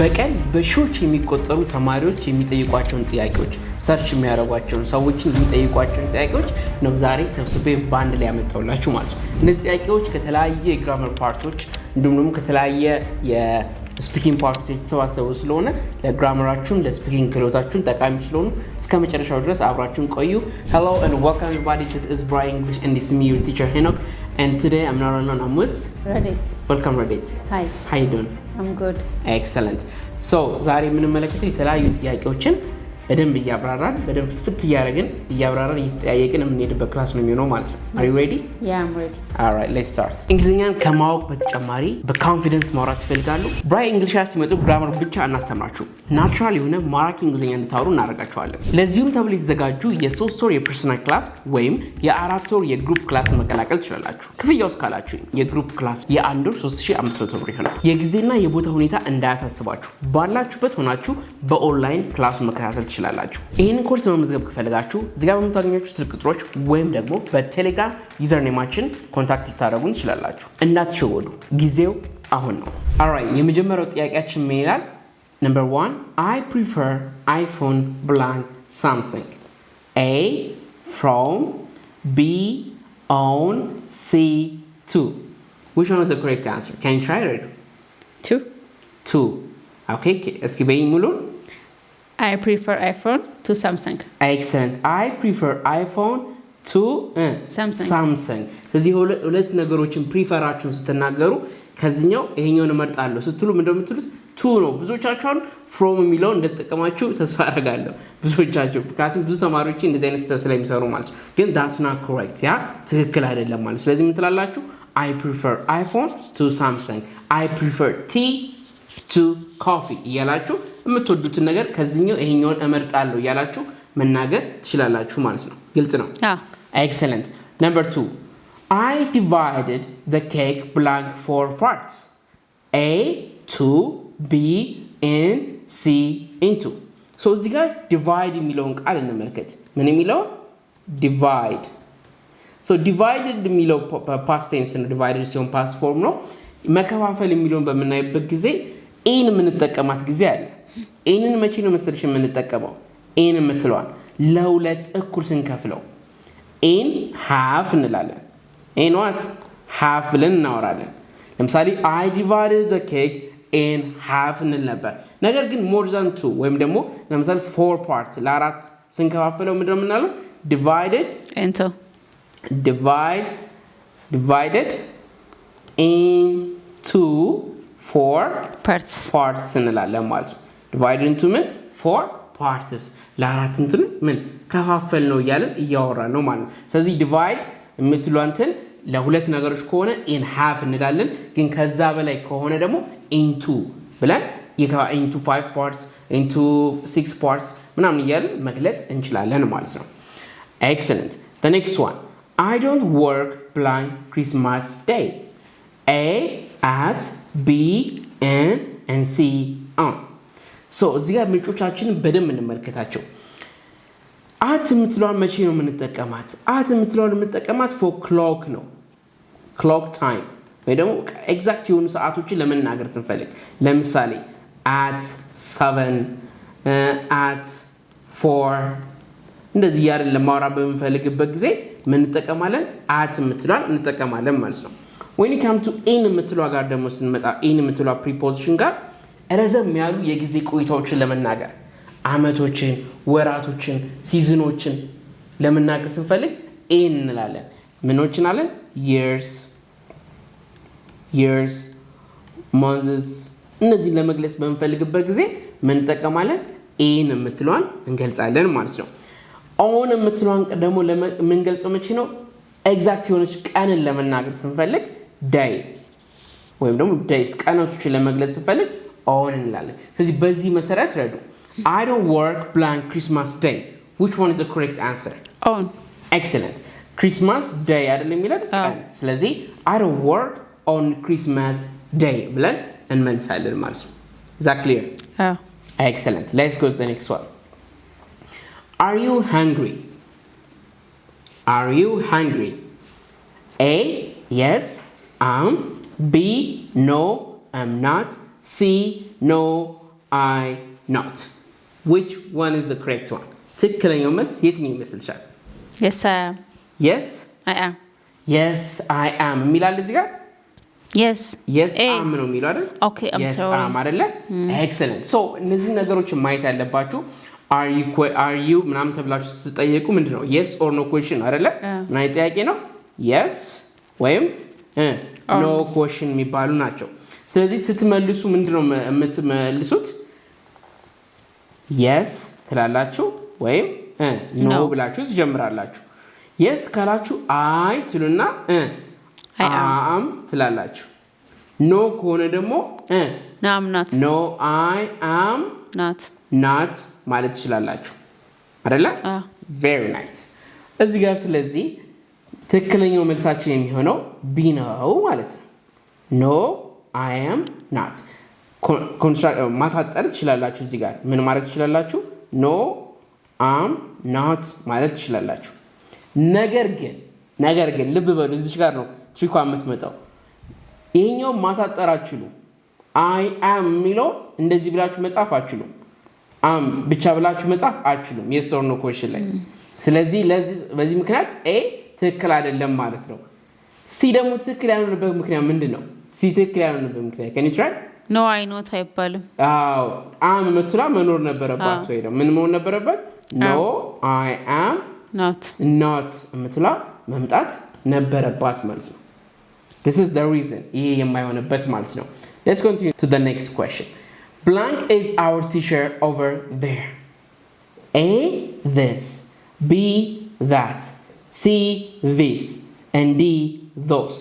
በቀን በሺዎች የሚቆጠሩ ተማሪዎች የሚጠይቋቸውን ጥያቄዎች ሰርች የሚያደርጓቸውን ሰዎችን የሚጠይቋቸውን ጥያቄዎች ነው ዛሬ ሰብስቤ በአንድ ላይ ያመጣውላችሁ ማለት ነው። እነዚህ ጥያቄዎች ከተለያየ የግራመር ፓርቶች እንዲሁም ደግሞ ከተለያየ ስፒኪንግ ፓርቶች የተሰባሰቡ ስለሆነ ለግራመራችሁም ለስፒኪንግ ክህሎታችሁም ጠቃሚ ስለሆኑ እስከ መጨረሻው ድረስ አብራችሁን ቆዩ። ሄሎ ኤንድ ወልካም ኤቨሪባዲ ዲስ ኢዝ ብራይ እንግሊሽ ኤንድ ኢትስ ሚ ዩር ቲቸር ሄኖክ ኤንድ ቱዴይ አም ናራናን አም ዊዝ ረዴት። ወልካም ረዴት። ሃይ ሃይ ዶን ኤክሰለንት ሶ ዛሬ የምንመለከተው የተለያዩ ጥያቄዎችን በደንብ እያብራራን በደንብ ፍትፍት እያደረግን እያብራራን እየተጠያየቅን የምንሄድበት ክላስ ነው የሚሆነው ማለት ነው። አር ዩ ሬዲ? እንግሊዝኛን ከማወቅ በተጨማሪ በኮንፊደንስ ማውራት ይፈልጋሉ? ብራይ እንግሊሽ ሲመጡ ግራመር ብቻ እናስተምራችሁ ናቹራል የሆነ ማራኪ እንግሊዝኛ እንድታወሩ እናደርጋቸዋለን። ለዚሁም ተብሎ የተዘጋጁ የሶስት ወር የፐርሰናል ክላስ ወይም የአራት ወር የግሩፕ ክላስ መቀላቀል ትችላላችሁ። ክፍያ ውስጥ ካላችሁ የግሩፕ ክላስ የአንድ ወር 3500 ብር ይሆናል። የጊዜና የቦታ ሁኔታ እንዳያሳስባችሁ ባላችሁበት ሆናችሁ በኦንላይን ክላስ መከታተል ትችላላችሁ። ትችላላችሁ። ይህን ኮርስ መመዝገብ ከፈለጋችሁ እዚጋ በምታገኛችሁ ስልክ ቁጥሮች ወይም ደግሞ በቴሌግራም ዩዘርኔማችን ኮንታክት ልታደረጉን ትችላላችሁ። እንዳትሸወዱ፣ ጊዜው አሁን ነው። አራይ የመጀመሪያው ጥያቄያችን ምን ይላል? ነምበር ዋን አይ ፕሪፈር አይፎን ብላንክ ሳምሰንግ ኤ ፍሮም ቢ ኦን ሲ ቱ ዊች ዋን ኢዝ ዘ ኮሬክት አንሰር? ካን ዩ ትራይ ቱ ቱ። ኦኬ እስኪ በይኝ ሙሉን I prefer iPhone to Samsung። ኤክሰለንት አይ ፕሪፈር አይፎን ቱ ሳምሰንግ። ስለዚህ ሁለት ነገሮችን ፕሪፈራችሁን ስትናገሩ ከዚህኛው ይሄኛውን እመርጣለሁ ስትሉ እንደምትሉት ቱ ነው። ብዙዎቻችሁን ፍሮም የሚለውን እንደተጠቀማችሁ ተስፋ አደርጋለሁ። ብዙዎቻችሁ ምክንያቱም ብዙ ተማሪዎች እንደዚህ አይነት ስህተት ስለሚሰሩ ማለት ነው። ግን ዳትስ ናት ኮሬክት፣ ያ ትክክል አይደለም ማለት ስለዚህ የምትላላችሁ ትላላችሁ? አይ ፕሪፈር አይፎን ቱ ሳምሰንግ፣ አይ ፕሪፈር ቲ ቱ ኮፊ እያላችሁ የምትወዱትን ነገር ከዚህኛው ይሄኛውን እመርጣለሁ እያላችሁ መናገር ትችላላችሁ ማለት ነው። ግልጽ ነው። ኤክሰለንት ነምበር ቱ አይ ዲቫይድድ ዘ ኬክ ብላንክ ፎር ፓርትስ ኤ ቱ ቢ ኤን ሲ ኢንቱ ሶ እዚህ ጋር ዲቫይድ የሚለውን ቃል እንመልከት። ምን የሚለው ዲቫይድ ዲቫይድድ የሚለው ፓስቴንስ ነው። ዲቫይድድ ሲሆን ፓስፎርም ነው። መከፋፈል የሚለውን በምናይበት ጊዜ ኢን የምንጠቀማት ጊዜ አለ። ኤንን መቼ ነው መሰለሽ የምንጠቀመው? ኤን የምትለዋል ለሁለት እኩል ስንከፍለው ኤን ሀፍ እንላለን። ኤን ዋት ሀፍ ብለን እናወራለን። ለምሳሌ አይ ዲቫይድ ኬክ ኤን ሀፍ እንል ነበር። ነገር ግን ሞርዛን ቱ ወይም ደግሞ ለምሳሌ ፎር ፓርት ለአራት ስንከፋፍለው ምንድን ነው የምናለው? ዲቫይደድ ዲቫይደድ ኢንቱ ፎር ፓርትስ እንላለን ማለት ነው። ዲቫይድ ኢንቱ ምን ፎር ፓርትስ ለአራት እንትን ምን ከፋፈል ነው እያለን እያወራ ነው ማለት ነው። ስለዚህ ዲቫይድ የምትሏንትን ለሁለት ነገሮች ከሆነ ኢን ሃፍ እንላለን። ግን ከዛ በላይ ከሆነ ደግሞ ኢንቱ ብለን ኢንቱ ፋይቭ ፓርትስ፣ ኢንቱ ሲክስ ፓርትስ ምናምን እያለን መግለጽ እንችላለን ማለት ነው። ኤክሰለንት ኔክስት ዋን አይ ዶንት ወርክ ብላንክ ክሪስማስ ዴይ ኤ አት ቢ ኤን ሲ እዚህ ጋር ምንጮቻችን በደንብ እንመልከታቸው። አት የምትለዋን መቼ ነው የምንጠቀማት? አት የምትለዋን የምንጠቀማት ፎ ክሎክ ነው። ክሎክ ታይም ወይ ደግሞ ኤግዛክት የሆኑ ሰዓቶችን ለመናገር ስንፈልግ፣ ለምሳሌ አት ሰቨን፣ አት ፎር እንደዚህ እያለን ለማውራ በምንፈልግበት ጊዜ ምንጠቀማለን እንጠቀማለን? አት የምትለዋን እንጠቀማለን ማለት ነው። ወይኒ ካም ቱ ኢን የምትለዋ ጋር ደግሞ ስንመጣ ኢን የምትለዋ ፕሪፖዚሽን ጋር ረዘም ያሉ የጊዜ ቆይታዎችን ለመናገር አመቶችን፣ ወራቶችን፣ ሲዝኖችን ለመናገር ስንፈልግ ኤን እንላለን። ምኖችን አለን? የርስ የርስ፣ ሞንዝስ እነዚህን ለመግለጽ በምንፈልግበት ጊዜ ምንጠቀማለን ኤን የምትለዋን እንገልጻለን ማለት ነው። ኦን የምትለዋን ደግሞ የምንገልጸው መቼ ነው? ኤግዛክት የሆነች ቀንን ለመናገር ስንፈልግ ዳይ ወይም ደግሞ ዳይስ ቀናቶችን ለመግለጽ ስንፈልግ ኦን እንላለን። ስለዚህ በዚህ መሰረት ረዱ። አይ ዶንት ወርክ ብላንክ ክሪስማስ ዴይ ዊች ዋን ኢዝ ኮሬክት አንሰር? ኦን። ኤክሰለንት። ክሪስማስ ዴይ አይደል የሚለን ቀን። ስለዚህ አይ ዶንት ወርክ ኦን ክሪስማስ ዴይ ብለን እንመልሳለን ማለት ነው። ዛ ክሊር? ኤክሰለንት። ሌትስ ጎ ቱ ኔክስት ዋን። አር ዩ ሃንግሪ? አር ዩ ሃንግሪ? ኤ የስ አም ቢ ኖ አም ናት ሲ ኖ አይ ኖት ዊች ዋን ኢዝ ዘ ኮሬክት ዋን? ትክክለኛው መልስ የትኛው ይመስልሻል? የስ የስ አይ አም የሚላል እዚህ ጋር የስ አም ነው የሚለው አይደል? አይደለ? ኤክሰለንት። mm. ሶ እነዚህ ነገሮች ማየት ያለባችሁ አር ዩ ምናምን ተብላችሁ ስትጠየቁ ምንድን ነው የስ ኦር ኖ ኮሽን አይደለ? Uh. ምን አይነት ጥያቄ ነው? የስ ወይም ኖ uh, ኮሽን oh. የሚባሉ ናቸው። ስለዚህ ስትመልሱ ምንድነው ነው የምትመልሱት? የስ ትላላችሁ ወይም ኖ ብላችሁ ትጀምራላችሁ። የስ ካላችሁ አይ ትሉና አም ትላላችሁ። ኖ ከሆነ ደግሞ ኖ አይ አም ናት ማለት ትችላላችሁ። አደለ? ቬሪ ናይስ። እዚ ጋር ስለዚህ ትክክለኛው መልሳችን የሚሆነው ቢ ነው ማለት ነው። ኖ አያም ናት። uh, ማሳጠር ትችላላችሁ። እዚህ ጋር ምን ማድረግ ትችላላችሁ? ኖ አም ናት ማለት ትችላላችሁ። ነገር ግን ነገር ግን ልብ በሉ እዚች ጋር ነው ትሪኳ የምትመጣው። ይህኛው ማሳጠር አችሉ። አይ አም የሚለው እንደዚህ ብላችሁ መጽሐፍ አችሉም። አም ብቻ ብላችሁ መጻፍ አችሉም የሰውን ነው ኖ ኮሽን ላይ። ስለዚህ በዚህ ምክንያት ኤ ትክክል አይደለም ማለት ነው። ሲ ደግሞ ትክክል ያልሆነበት ምክንያት ምንድን ነው? ትክክል ያልሆነበት ምክንያት ከን ይችላል አይኖት አይባልም። አም ምትላ መኖር ነበረባት ወይ ምን መሆን ነበረበት? ኖ አይ አም ናት ምትላ መምጣት ነበረባት ማለት ነው። ዲስ ኢዝ ዘ ሪዝን ይሄ የማይሆንበት ማለት ነው። ሌትስ ኮንቲኒው ቱ ዘ ኔክስት ኩዌስችን ብላንክ ኢዝ አወር ቲቸር ኦቨር ዜር ኤ ዚስ ቢ ዛት ሲ ዚስ ንዲ ስ?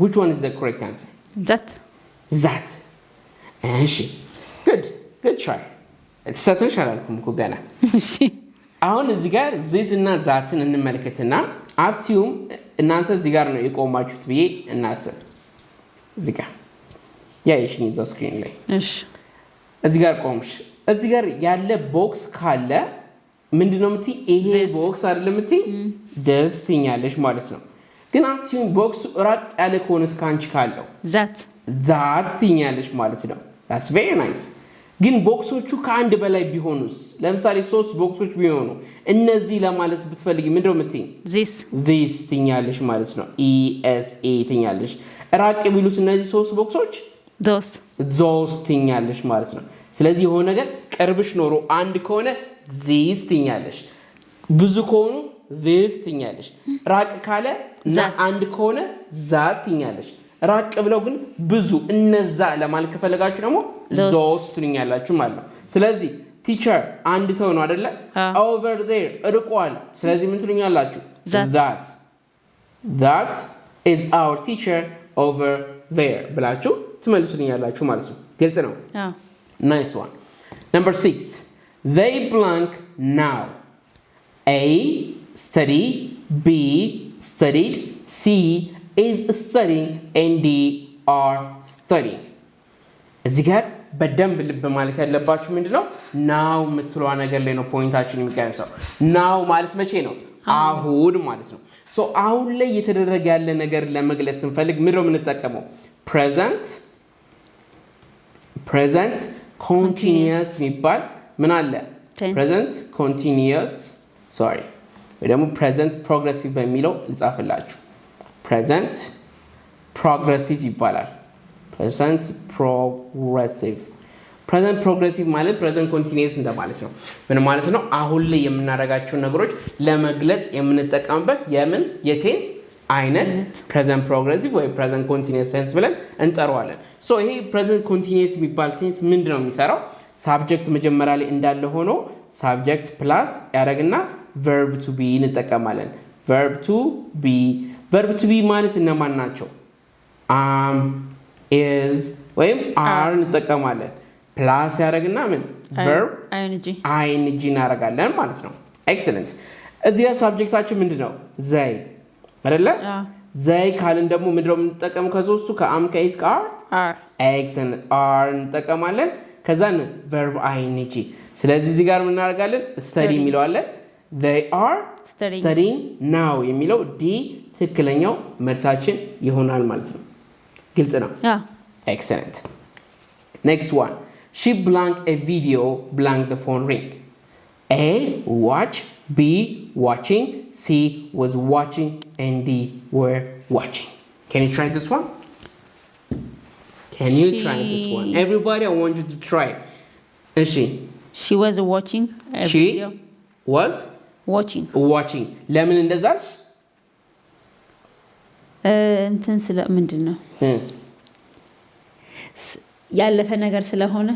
which one is the correct answer? That. That. እሺ good good try ተሳተሽ አላልኩም እኮ ገና። አሁን እዚህ ጋር ዚስ እና ዛትን እንመልከትና አስዩም እናንተ እዚህ ጋር ነው የቆማችሁት ብዬ እናስብ። እዚህ ጋር ያ እዛ ስክሪን ላይ እዚህ ጋር ቆምሽ። እዚህ ጋር ያለ ቦክስ ካለ ምንድነው ምት ይሄ ቦክስ አይደለም ምት ደስ ትኛለሽ ማለት ነው ግን አሲም ቦክሱ ራቅ ያለ ከሆነ እስከ ካለው ዛት ዛት ትኛለች ማለት ነው። ስ ቬሪ ናይስ። ግን ቦክሶቹ ከአንድ በላይ ቢሆኑስ? ለምሳሌ ሶስት ቦክሶች ቢሆኑ እነዚህ ለማለት ብትፈልጊ ምንድነው የምትይኝ? ስ ትኛለሽ ማለት ነው። ኢኤስኤ e ትኛለሽ። ራቅ የሚሉት እነዚህ ሶስት ቦክሶች ዞስ ትኛለሽ ማለት ነው። ስለዚህ የሆነ ነገር ቅርብሽ ኖሮ አንድ ከሆነ ዚስ ትኛለሽ፣ ብዙ ከሆኑ ዚስ ትኛለሽ፣ ራቅ ካለ አንድ ከሆነ ዛ ትኛለች። ራቅ ብለው ግን ብዙ እነዛ ለማለት ከፈለጋችሁ ደግሞ ዞስ ትኛላችሁ ማለት ነው። ስለዚህ ቲቸር አንድ ሰው ነው አደለ? ኦቨር ዜር እርቋል። ስለዚህ ምን ትኛላችሁ? ዛት ኢዝ አወር ቲቸር ኦቨር ዜር ብላችሁ ትመልሱልኛላችሁ ማለት ነው። ግልጽ ነው። ናይስ ዋን ነምበር ሲክስ ዘይ ብላንክ ናው ኤ ስተዲ ቢ studied, C is studying and D are studying እዚህ ጋር በደንብ ልብ ማለት ያለባችሁ ምንድን ነው ናው የምትሏ ነገር ላይ ነው ፖይንታችን የሚቀንሰው። ናው ማለት መቼ ነው? አሁን ማለት ነው። ሶ አሁን ላይ እየተደረገ ያለ ነገር ለመግለጽ ስንፈልግ ምድረው የምንጠቀመው ፕሬዘንት ፕሬዘንት ኮንቲኒየስ የሚባል ምን አለ? ፕሬዘንት ኮንቲኒየስ ሶሪ ወይ ደግሞ ፕሬዘንት ፕሮግረሲቭ በሚለው ልጻፍላችሁ። ፕሬዘንት ፕሮግረሲቭ ይባላል። ፕሬዘንት ፕሮግረሲቭ ፕሬዘንት ፕሮግረሲቭ ማለት ፕሬዘንት ኮንቲኒየስ እንደማለት ነው። ምን ማለት ነው? አሁን ላይ የምናደርጋቸውን ነገሮች ለመግለጽ የምንጠቀምበት የምን የቴንስ አይነት ፕሬዘንት ፕሮግረሲቭ ወይም ፕሬዘንት ኮንቲኒየስ ቴንስ ብለን እንጠረዋለን ሶ ይሄ ፕሬዘንት ኮንቲኒየስ የሚባል ቴንስ ምንድነው ነው የሚሰራው? ሳብጀክት መጀመሪያ ላይ እንዳለ ሆኖ ሳብጀክት ፕላስ ያደረግና ቨርብ ቱ ቢ እንጠቀማለን። ቨርብ ቱ ቢ ቨርብ ቱ ቢ ማለት እነማን ናቸው? አም ኤዝ ወይም አር እንጠቀማለን። ፕላስ ያደረግና ምን ቨርብ አይንጂ እናደርጋለን ማለት ነው። ኤክሰለንት። እዚህ ሳብጀክታችን ምንድን ነው? ዘይ አይደለ? ዘይ ካልን ደግሞ ምንድነው የምንጠቀመው? ከሶስቱ ከአም ከኢዝ ከአር ኤክሰለንት። አር እንጠቀማለን። ከዛን ቨርብ አይንጂ። ስለዚህ እዚህ ጋር ምናደርጋለን? ስተዲ የሚለዋለን they are studying now የሚለው ዲ ትክክለኛው መልሳችን ይሆናል ማለት ነው። ግልጽ ነው። ኤክሰለንት። ኔክስት ዋን ሺ ብላንክ ኤ ቪዲዮ ብላንክ ደ ፎን ሪንግ ኤ ዋች ቢ Watching. ሲ Was watching. And ዲ ወር watching. Can you try this one? Can you try this one? Everybody, I want you to try. And she? She was watching a she video. was ዋቺንግ ለምን እንደዛች እንትን ስለ ምንድን ነው ያለፈ ነገር ስለሆነ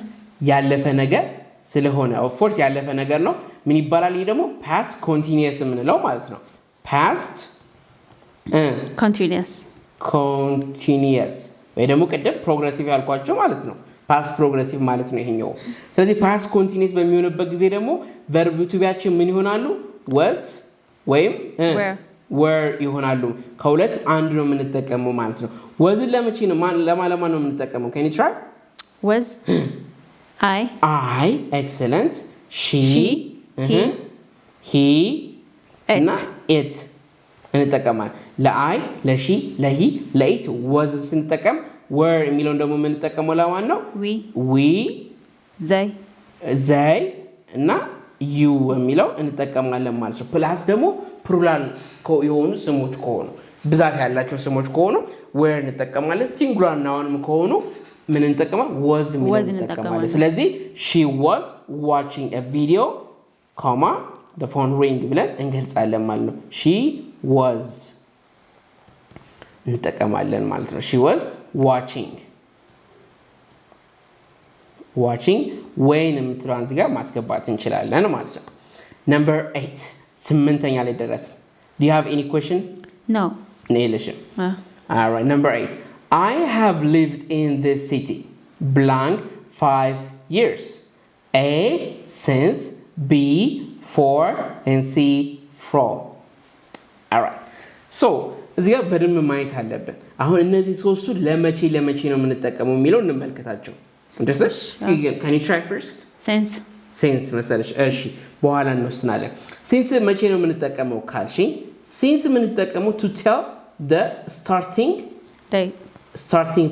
ያለፈ ነገር ስለሆነ ኦፍኮርስ ያለፈ ነገር ነው። ምን ይባላል? ይህ ደግሞ ፓስት ኮንቲኒየስ የምንለው ማለት ነው። ፓስት ኮንቲኒስ ኮንቲኒስ ወይ ደግሞ ቅድም ፕሮግረሲቭ ያልኳቸው ማለት ነው። ፓስት ፕሮግረሲቭ ማለት ነው ይሄኛው። ስለዚህ ፓስት ኮንቲኒየስ በሚሆንበት ጊዜ ደግሞ ቨርብ ቱቢያችን ምን ይሆናሉ? ወዝ ወይም ወር ይሆናሉ። ከሁለት አንዱ ነው የምንጠቀመው ማለት ነው። ወዝን ለመቼ ነው ለማለማ ነው የምንጠቀመው? ከኒ ትራይ ወዝ አይ አይ ኤክሰለንት ሺ ሂ እና ኤት እንጠቀማለን። ለአይ ለሺ ለሂ ለኢት ወዝ ስንጠቀም ወር የሚለውን ደግሞ የምንጠቀመው ለማን ነው? ዊ ዘይ ዘይ እና ዩ የሚለው እንጠቀማለን ማለት ነው። ፕላስ ደግሞ ፕሉራል የሆኑ ስሞች ከሆኑ ብዛት ያላቸው ስሞች ከሆኑ ዌር እንጠቀማለን። ሲንጉላር ናውንም ከሆኑ ምን እንጠቀማ ወዝ የሚለው ስለዚህ ሺ ዋዝ ዋቺንግ ቪዲዮ ኮማ ፎን ሪንግ ብለን እንገልጻለን ማለት ነው። ሺ ዋዝ እንጠቀማለን ማለት ነው። ሺ ዋዝ ዋቺንግ ዋቺንግ ወይን ትራንስ ጋር ማስገባት እንችላለን ማለት ነው። ነምበር ኤት ስምንተኛ ላይ ደረስ ዱ ሃቭ ኤኒ ኮሽን ኖ የለሽም። ኦልራይት ነምበር ኤይት አይ ሃቭ ሊቭድ ኢን ዚስ ሲቲ ብላንክ ፋይቭ ይርስ ኤ ሲንስ ቢ ፎር ኤንድ ሲ ፍሮም ኦልራይት ሶ እዚህ ጋር በደንብ ማየት አለብን። አሁን እነዚህ ሶስቱ ለመቼ ለመቼ ነው የምንጠቀመው የሚለው እንመልከታቸው። እንደሰሽ ከኔ ትራይ ፈርስት ሴንስ ሴንስ መሰለሽ። እሺ በኋላ እንወስናለን። ሴንስ መቼ ነው የምንጠቀመው ካልሽኝ፣ ሴንስ የምንጠቀመው ቱ ቴል ደ ስታርቲንግ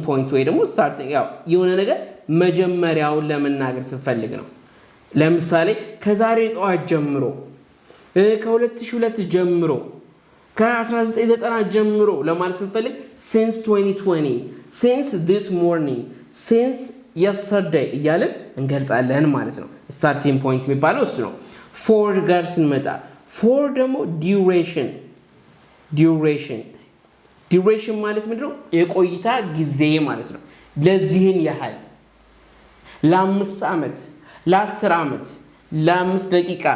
ፖይንት ወይ ደግሞ የሆነ ነገር መጀመሪያውን ለመናገር ስንፈልግ ነው። ለምሳሌ ከዛሬ ጠዋት ጀምሮ፣ ከ2002 ጀምሮ፣ ከ1990 ጀምሮ ለማለት ስንፈልግ ሴንስ 2020፣ ሴንስ ስ ሞርኒንግ፣ ሴንስ የስተርዳይ እያልን እንገልጻለን ማለት ነው። ስታርቲንግ ፖይንት የሚባለው እሱ ነው። ፎር ጋር ስንመጣ ፎር ደግሞ ዲሬሽን ዲሬሽን ዲሬሽን ማለት ምንድነው የቆይታ ጊዜ ማለት ነው። ለዚህን ያህል ለአምስት ዓመት፣ ለአስር ዓመት፣ ለአምስት ደቂቃ፣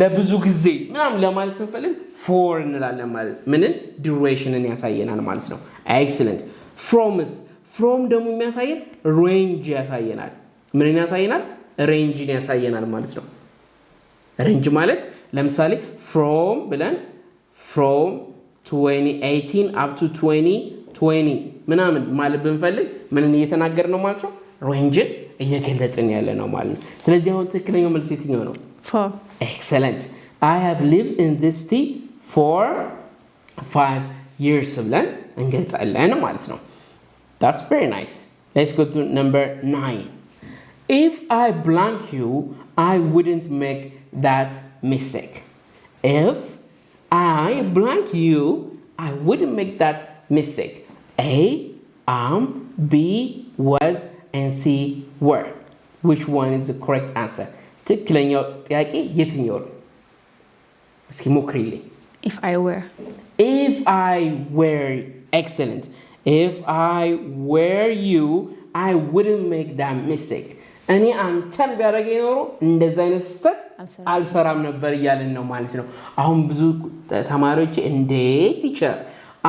ለብዙ ጊዜ ምናምን ለማለት ስንፈልግ ፎር እንላለን ማለት ምንን ዲሬሽንን ያሳየናል ማለት ነው። ኤክስለንት ፍሮምስ ፍሮም ደግሞ የሚያሳየን ሬንጅ ያሳየናል። ምንን ያሳየናል? ሬንጅን ያሳየናል ማለት ነው። ሬንጅ ማለት ለምሳሌ ፍሮም ብለን ፍሮም 2018 አፕቱ 2020 ምናምን ማለት ብንፈልግ ምንን እየተናገር ነው ማለት ነው? ሬንጅን እየገለጽን ያለ ነው ማለት ነው። ስለዚህ አሁን ትክክለኛው መልስ የትኛው ነው? ኤክሰለንት አይ ሃቭ ሊቭ ኢን ዚስ ሲቲ ፎር ፋይቭ ይርስ ብለን እንገልጻለን ማለት ነው። That's very nice. Let's go to number nine. If I blank you, I wouldn't make that mistake. If I blank you, I wouldn't make that mistake. A, am, um, B, was, and C, were. Which one is the correct answer? ትክክለኛው ጥያቄ የትኛው ነው? እስኪ ሞክሪልኝ። If I were. If I were. Excellent. if I were you I wouldn't make that mistake እኔ አንተን ቢያደርገኝ ኖሮ እንደዚ አይነት ስህተት አልሰራም ነበር እያለን ነው ማለት ነው። አሁን ብዙ ተማሪዎች እንዴ ቲቸር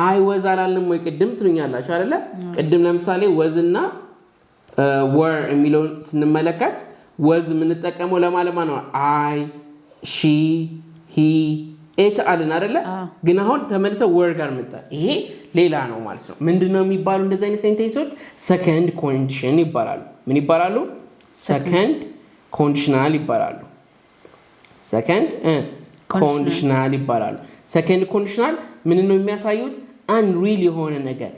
አይ ወዝ አላልንም ወይ ቅድም ትሉኛላችሁ አይደለ? ቅድም ለምሳሌ ወዝና ወር የሚለውን ስንመለከት ወዝ የምንጠቀመው ለማለማ ነው። አይ ሺ ሂ ኤት አልን አደለ? ግን አሁን ተመልሰው ወር ጋር መጣ። ይሄ ሌላ ነው ማለት ነው። ምንድነው የሚባሉ እንደዚህ አይነት ሴንቴንሶች ሰከንድ ኮንዲሽን ይባላሉ። ምን ይባላሉ? ሰከንድ ኮንዲሽናል ይባላሉ። ሰከንድ ኮንዲሽናል ይባላሉ። ሰከንድ ኮንዲሽናል ምን ነው የሚያሳዩት? አን ሪል የሆነ ነገር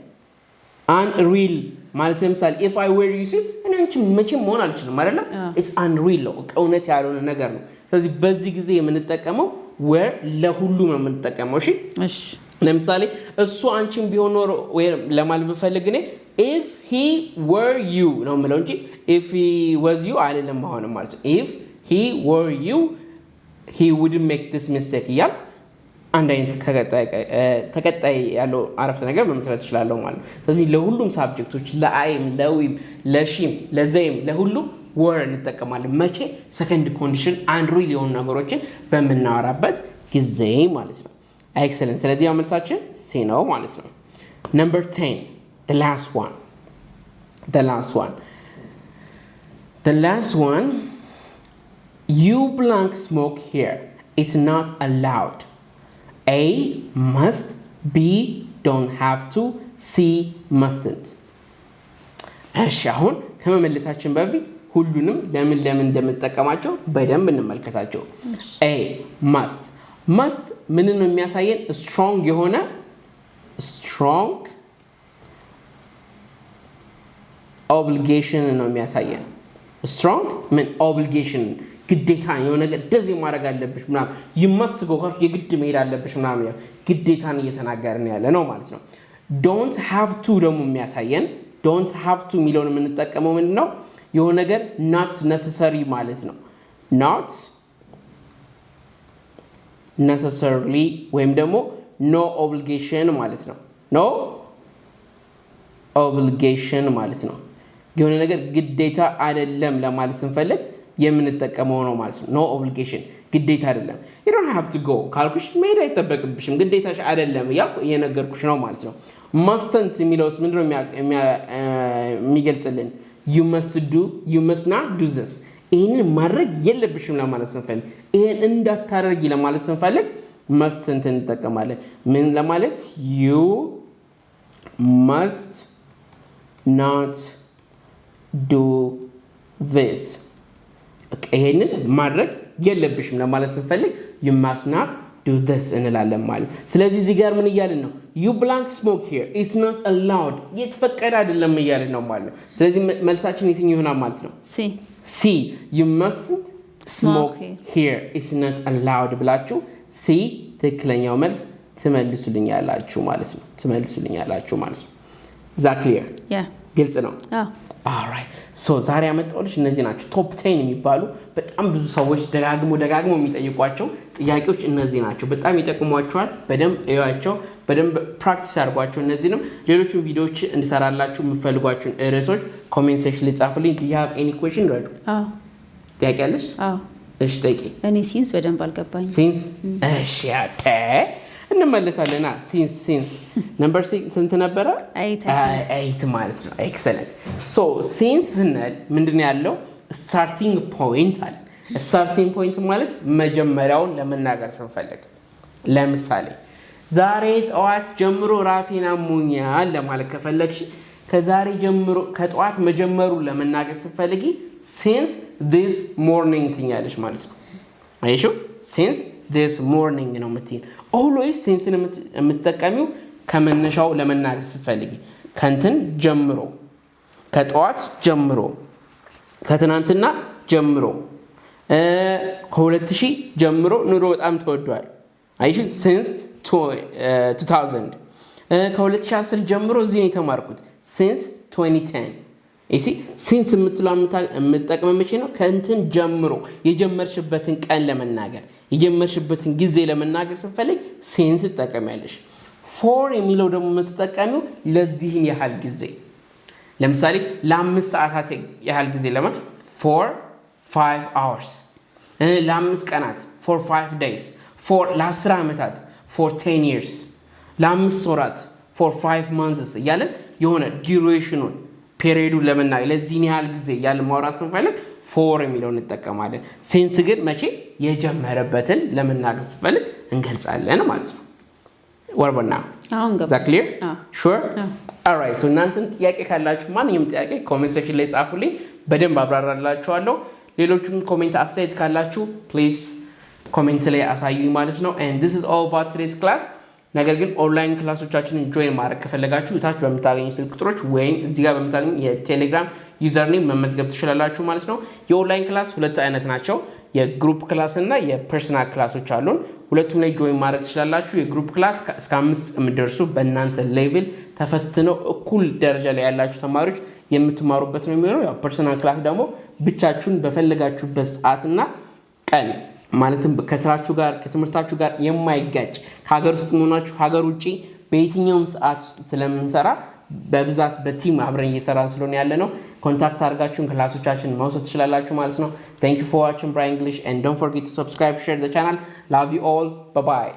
አን ሪል ማለት ለምሳሌ ኢፍ አይ ዌር ዩ ሲል እኔ አንቺ መቼም መሆን አልችልም አይደለም። ኢትስ አን ሪል ነው፣ እውነት ያልሆነ ነገር ነው። ስለዚህ በዚህ ጊዜ የምንጠቀመው ዌር ለሁሉ ነው የምንጠቀመው። እሺ ለምሳሌ እሱ አንቺን ቢሆን ኖሮ ለማል ብፈልግ ኔ ኢፍ ሂ ወር ዩ ነው ምለው እንጂ ኢፍ ሂ ወዝ ዩ አልልም። አሁንም ማለት ነው ኢፍ ሂ ወር ዩ ሂ ውድ ሜክ ዲስ ሚስቴክ እያል አንድ አይነት ተቀጣይ ያለው አረፍተ ነገር መመስረት ይችላለሁ ማለት ነው። ስለዚህ ለሁሉም ሳብጀክቶች ለአይም፣ ለዊም፣ ለሺም፣ ለዘይም ለሁሉም ወር እንጠቀማለን። መቼ? ሰከንድ ኮንዲሽን አንድሮይድ ሊሆኑ ነገሮችን በምናወራበት ጊዜ ማለት ነው። ኤክሰለንት። ስለዚህ መልሳችን ሲ ነው ማለት ነው። ነምበር ቴን ላስት ዋን ላስት ዋን ላስት ዋን ዩ ብላንክ ስሞክ ሄር ኢስ ናት አላውድ ኤ መስት ቢ ዶንት ሃቭ ቱ ሲ መስንት። እሺ አሁን ከመመለሳችን በፊት ሁሉንም ለምን ለምን እንደምንጠቀማቸው በደንብ እንመልከታቸው። ኤ ማስት ማስት ነው የሚያሳየን? ስትሮንግ የሆነ ስትሮንግ ኦብሊጌሽን ነው የሚያሳየን። ስትሮንግ ምን ኦብሊጌሽን ግዴታ የሆነ ነገር እንደዚህ ማድረግ አለብሽ ምናምን ይመስገው የግድ መሄድ አለብሽ ምናምን ግዴታን እየተናገርን ያለ ነው ማለት ነው። ዶንት ሃቭ ቱ ደግሞ የሚያሳየን ዶንት ሃቭ ቱ የሚለውን የምንጠቀመው ምንድን ነው? የሆነ ነገር ናት ነሰሰሪ ማለት ነው። ናት ነሰሰሪ ወይም ደግሞ ኖ ኦብሊጌሽን ማለት ነው። ኖ ኦብሊጌሽን ማለት ነው። የሆነ ነገር ግዴታ አይደለም ለማለት ስንፈልግ የምንጠቀመው ነው ማለት ነው። ኖ ኦብሊጌሽን ግዴታ አይደለም። ዩ ዶንት ሃቭ ቱ ጎ ካልኩሽ መሄድ አይጠበቅብሽም፣ ግዴታሽ አይደለም እያልኩ እየነገርኩሽ ነው ማለት ነው። ማስተንት የሚለውስ ምንድነው የሚገልጽልን? ዩመስና ዱዘስ ይህንን ማድረግ የለብሽም ለማለት ስንፈልግ፣ ይህን እንዳታደርጊ ለማለት ስንፈልግ መስንት እንጠቀማለን። ምን ለማለት ዩ መስት ናት ዱ ስ ይህንን ማድረግ የለብሽም ለማለት ስንፈልግ ዩ መስት ናት ዱ ስ እንላለን ማለት። ስለዚህ እዚህ ጋር ምን እያልን ነው? ዩ ብላንክ ስሞክ ሄር ኢትስ ኖት አላውድ የተፈቀደ አይደለም እያልን ነው ማለት ነው። ስለዚህ መልሳችን የትኛው ይሆናል ማለት ነው? ሲ ዩ መስንት ስሞክ ሄር ኢትስ ኖት አላውድ ብላችሁ ሲ ትክክለኛው መልስ ትመልሱልኛላችሁ ማለት ነው። ትመልሱልኛላችሁ ማለት ነው። ዛ ክሊር ግልጽ ነው። አራይ ሶ ዛሬ ያመጣሁልሽ እነዚህ ናቸው። ቶፕ ቴን የሚባሉ በጣም ብዙ ሰዎች ደጋግሞ ደጋግሞ የሚጠይቋቸው ጥያቄዎች እነዚህ ናቸው። በጣም ይጠቅሟቸዋል። በደንብ እዩዋቸው፣ በደንብ ፕራክቲስ ያርጓቸው እነዚህንም ሌሎችን ቪዲዮዎች እንዲሰራላችሁ የምፈልጓቸውን ርዕሶች ኮሜንት ሴክሽን ልጻፍልኝ ዲ ሃቭ ኤኒ ረዱ ጥያቄ ያለሽ? እሺ ጠቂ እኔ ሲንስ በደንብ አልገባኝ ሲንስ እሺ እንመለሳለና ሲንስ ሲንስ ነምበር ስንት ነበረ? ኤይት ማለት ነው። ኤክሰለንት ሶ ሲንስ ስንል ምንድን ያለው? ስታርቲንግ ፖይንት አለ። ስታርቲንግ ፖይንት ማለት መጀመሪያውን ለመናገር ስንፈልግ፣ ለምሳሌ ዛሬ ጠዋት ጀምሮ ራሴን አሞኛል ለማለት ከፈለግሽ ከዛሬ ጀምሮ ከጠዋት መጀመሩ ለመናገር ስትፈልጊ ሲንስ ስ ሞርኒንግ ትኛለች ማለት ነው። አይሹ ሲንስ ስ ሞርኒንግ ነው የምትይኝ ኦልዌይስ ሴንስን የምትጠቀሚው ከመነሻው ለመናገር ስትፈልጊ ከንትን ጀምሮ፣ ከጠዋት ጀምሮ፣ ከትናንትና ጀምሮ፣ ከ2000 ጀምሮ ኑሮ በጣም ተወዷል። አይሽ ሲንስ 2000 ከ2010 ጀምሮ እዚህ ነው የተማርኩት ሲንስ 2010 እሺ ሲንስ የምትለው የምጠቅመ መቼ ነው? ከእንትን ጀምሮ የጀመርሽበትን ቀን ለመናገር የጀመርሽበትን ጊዜ ለመናገር ስትፈልግ ሲንስ ትጠቀሚያለሽ። ፎር የሚለው ደግሞ የምትጠቀሚው ለዚህን ያህል ጊዜ ለምሳሌ ለአምስት ሰዓታት ያህል ጊዜ ለማ ፎር ፋይቭ አወርስ፣ ለአምስት ቀናት ፎር ፋይቭ ዴይስ፣ ፎር ለአስር ዓመታት ፎር ቴን ይርስ፣ ለአምስት ወራት ፎር ፋይቭ ማንዝስ እያለን የሆነ ዲሬሽኑን ፔሪዮዱን ለመናገር ለዚህን ያህል ጊዜ እያልን ማውራት ስንፈልግ ፎር የሚለውን እንጠቀማለን። ሴንስ ግን መቼ የጀመረበትን ለመናገር ስንፈልግ እንገልጻለን ማለት ነው። ወርበና ዛክሊር እናንተን ጥያቄ ካላችሁ ማንኛውም ጥያቄ ኮሜንት ሴክሽን ላይ ጻፉልኝ፣ በደንብ አብራራላችኋለሁ። ሌሎችም ኮሜንት አስተያየት ካላችሁ ፕሊዝ ኮሜንት ላይ አሳዩኝ ማለት ነው። ን ስ ክላስ ነገር ግን ኦንላይን ክላሶቻችንን ጆይን ማድረግ ከፈለጋችሁ እታች በምታገኙ ስልክ ቁጥሮች ወይም እዚህ ጋር በምታገኙ የቴሌግራም ዩዘርኔም መመዝገብ ትችላላችሁ ማለት ነው። የኦንላይን ክላስ ሁለት አይነት ናቸው። የግሩፕ ክላስ እና የፐርሰናል ክላሶች አሉን። ሁለቱም ላይ ጆይን ማድረግ ትችላላችሁ። የግሩፕ ክላስ እስከ አምስት የምደርሱ በእናንተ ሌቭል ተፈትነው እኩል ደረጃ ላይ ያላችሁ ተማሪዎች የምትማሩበት ነው የሚሆነው። ፐርሰናል ክላስ ደግሞ ብቻችሁን በፈለጋችሁበት ሰዓትና ቀን ማለትም ከስራችሁ ጋር ከትምህርታችሁ ጋር የማይጋጭ ከሀገር ውስጥ መሆናችሁ ሀገር ውጭ በየትኛውም ሰዓት ውስጥ ስለምንሰራ በብዛት በቲም አብረን እየሰራን ስለሆነ ያለ ነው። ኮንታክት አድርጋችሁን ክላሶቻችን መውሰድ ትችላላችሁ ማለት ነው። ታንክ ፎር ዋችን ብራ እንግሊሽ ን ዶንት ፎርጌት ቱ ሰብስክራይብ ሼር ቻናል ላቭ ዩ ኦል ባይ